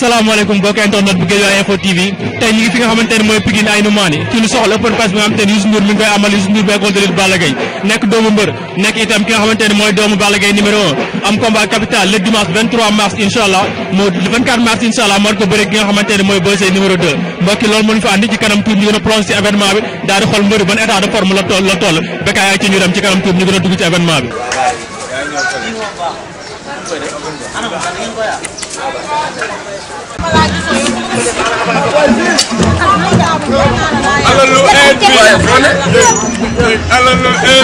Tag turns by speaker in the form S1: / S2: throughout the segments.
S1: salaamaaleykum mbokk internet bu Guédiawaye Info TV tey ñu ngi fi nga xamante ne mooy Pikine Aynou Mane ci lu soxla open press bi nga xamante ne Youssou mi ngi koy amal Youssou Ndour bi école nekk doomu mbër nekk itam ki nga xamante mooy doomu Balla Gaye numéro am combat capital le dimanche 23 mars incha allah moo 24 mars incha allah moo ko bëre ki nga xamante mooy Boy Seye numéro 2 mbokki loolu moo ñu fa andi ci a plonge ci événement alalu aide bi alalu aide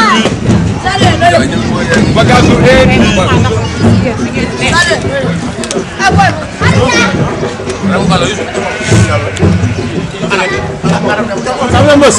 S2: bi bagage su aide bi.
S1: am na mos.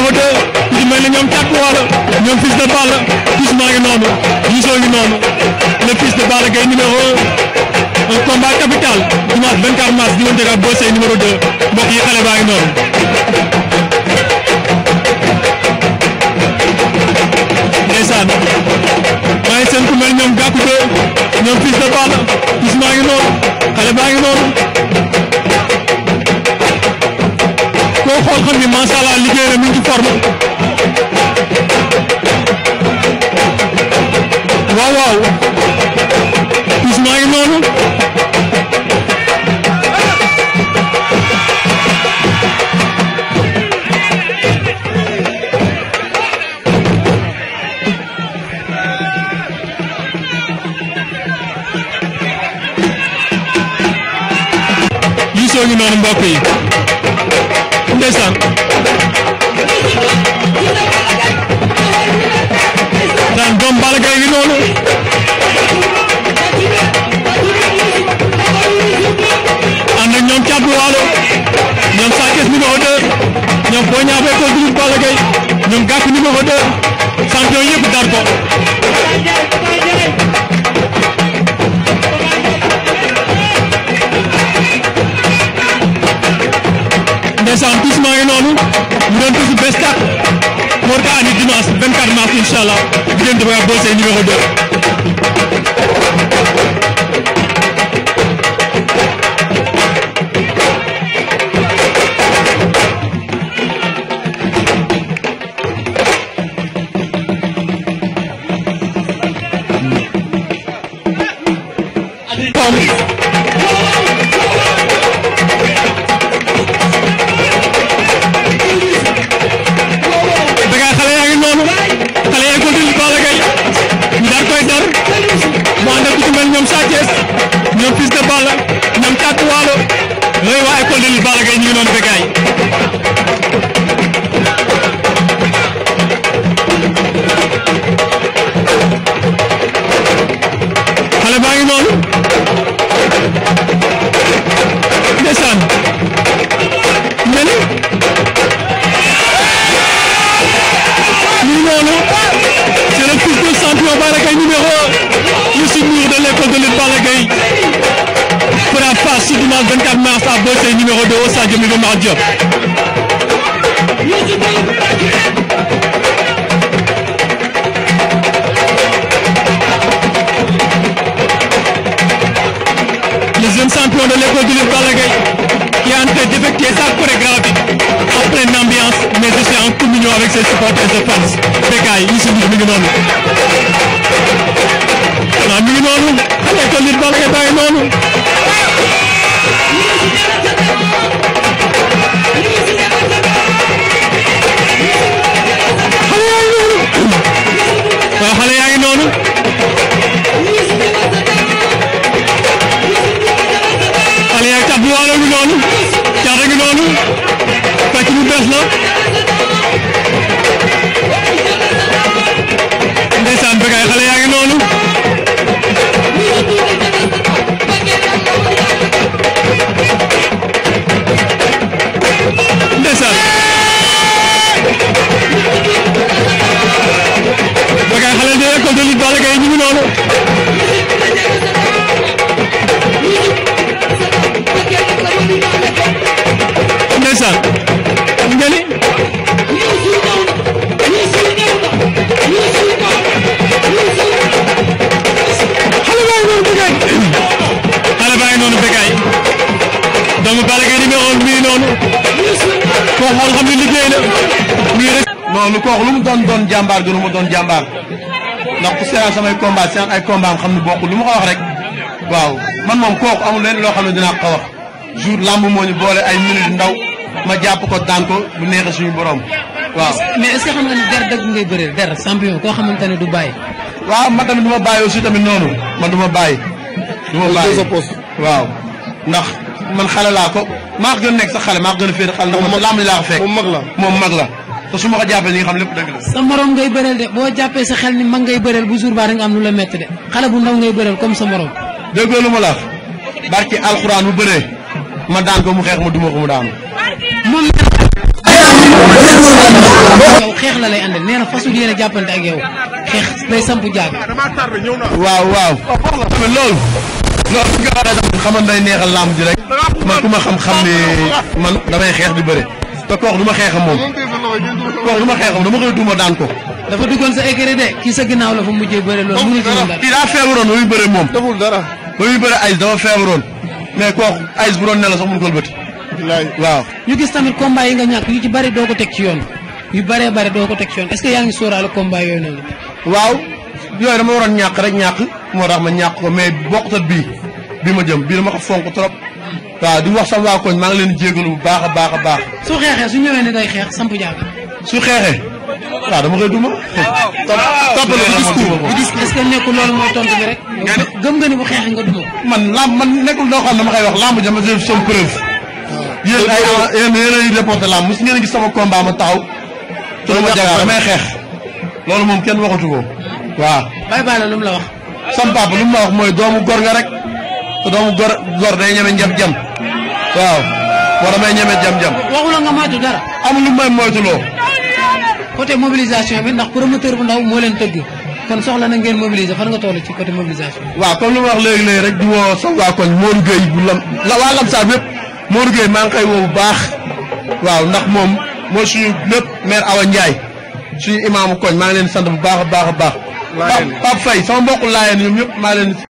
S1: Dafa de ñu mel ni ñoom Thiatou Walo ñoom fils de Balla tous maa ngi noonu Youssou ngi noonu le fils de Balla Gaye numéro un combat capital dimanche 24 mars diggante ak Boy Seye numéro 2 mbokk yi xale baa ngi noonu. ndeysaan maa seen ku mel ñoom gàkku de ñoom fils de Balla tous maa ngi noonu xale baa ngi noonu. boo xool xar bi macha allah liggéey na Wow ngi forme waaw waaw pis maa ndeysaan daan doom Balla Gaye ngi noonu ànd ak ñoom Thiatou Walo ñoom Sa Thiès numéro 2 ñoom Boy Niang fekkoon groupe Balla Gaye ñoom Gàkku numéro ndeysaan tous maa ngi noonu ñu doon tous bés tàq Mor Ka Ani dimanche 24 mars incha allah diggante ba Boy Seye numéro 2 vidéo Sadio mi Mar Diop le jeune champion de l'école du livre Balla Gaye qui est en train d'effectuer sa chorégraphie en pleine ambiance mais aussi en communion avec ses supporters et ses fans Bécaye Youssou Ndour mi ngi noonu xanaa mi ngi noonu xale école du livre Balla Gaye baa ngi noonu
S2: non lu ko wax lu mu doon doon jàmbaar gënu mu doon jàmbaar ndax ku seetaan samay combat seetaan ay combat am xam ne bokk lu ma ko wax rek waaw man moom kooku amul leen loo xam ne dinaa ko wax jour moo ñu boole ay ndaw ma jàpp ko daan ko bu neexee suñu borom waaw. mais est ce que xam nga
S3: ni koo xamante ne du bàyyi.
S2: waaw man tamit du ma bàyyi aussi tamit noonu ma du ma bàyyi. du ma bàyyi waaw ndax man xale laa ko maa ko gën nekk sa xale maa gën a féete xale ndax man lamb laa ko fekk moom la moom mag la. te su ma ko jàppee ni xam lépp dëgg la.
S3: sa morom ngay bëreel de boo jàppee sa xel ni mag ngay bëreel bu jour ba da nga am lu la métti de xale bu ndaw ngay bëreel comme sa morom. déggoo
S2: lu ma la barki alxuraan bu bëree ma daan ko mu xeex ma duma ko mu daanu.
S3: moom yow xeex la lay àndal nee na fasul a jàppante ak yow xeex lay samp jaag. waaw waaw. tamit loolu.
S2: loolu nga xam xaman day neexal laam ji rek man ku ma xam-xam ni man damay xeex di
S3: bëre te kooku du ma xeex moom.
S1: kooku
S2: du ma xeexam dama koy duma daan
S3: ko. dafa duggoon sa écurie de kii sa ginnaaw la fa mujjee bëre loolu. mënu ci dara kii daa feebaroon ba muy bëre moom. deful dara ba muy
S2: bëre Aïs dafa feebaroon mais kooku Aïs bu doon ne la mun ko bëtt. waaw.
S3: yi nga ñàkk bari doo ko teg ci yoon yu baree bari doo ko teg ci yoon est yaa ngi sóoraale combat yooyu noonu. waaw yooyu dama waroon ñàkk rek ñàkk moo tax ma ñàkk ko mais bokkut bii
S2: bi ma jëm bii dama waaw di wax sama waa koñ maa ngi leen jégalu bu baax a baax a baax.
S3: su xeexee su ñëwee ne day xeex samp jaag.
S2: su xeexee waaw dama koy duma. toppale di discours di
S3: discours est-ce que nekkul loolu mooy tontu bi rek. gëm nga ni bu xeexee nga duma.
S2: man lamb man nekkul doo xam dama koy wax lamb jama c'est son preuve. yéen ay yéen yéen ay reporté lamb mos ngeen gis sama combat ma taxaw. te ma jagaar damay xeex. loolu moom kenn waxatu ko. waaw. bàyyi bàyyi la lu mu la wax. papa lu mu la wax mooy doomu gor nga rek te doomu gor gor day ñeme njab jam waaw. moo damay ñeme jam-jam.
S3: waxu la nga moytu dara. amul lu may moytuloo. côté mobilisation bi ndax promoteur bu ndaw moo leen tëgg. kon soxla na ngeen mobiliser fan nga la ci côté mobilisation.
S2: waaw comme li ma wax léegi léegi rek di woo sa waa koñ Modou Gueye bu lam la waa Lamsaar yëpp Modou Gueye maa ngi koy woo bu baax. waaw ndax moom mooy suñu lépp maire Awa Ndiaye suñu imaamu koñ maa ngi leen sant bu baax a baax a baax. Pape Faye sama mbokku laayeen ñoom ñëpp maa leen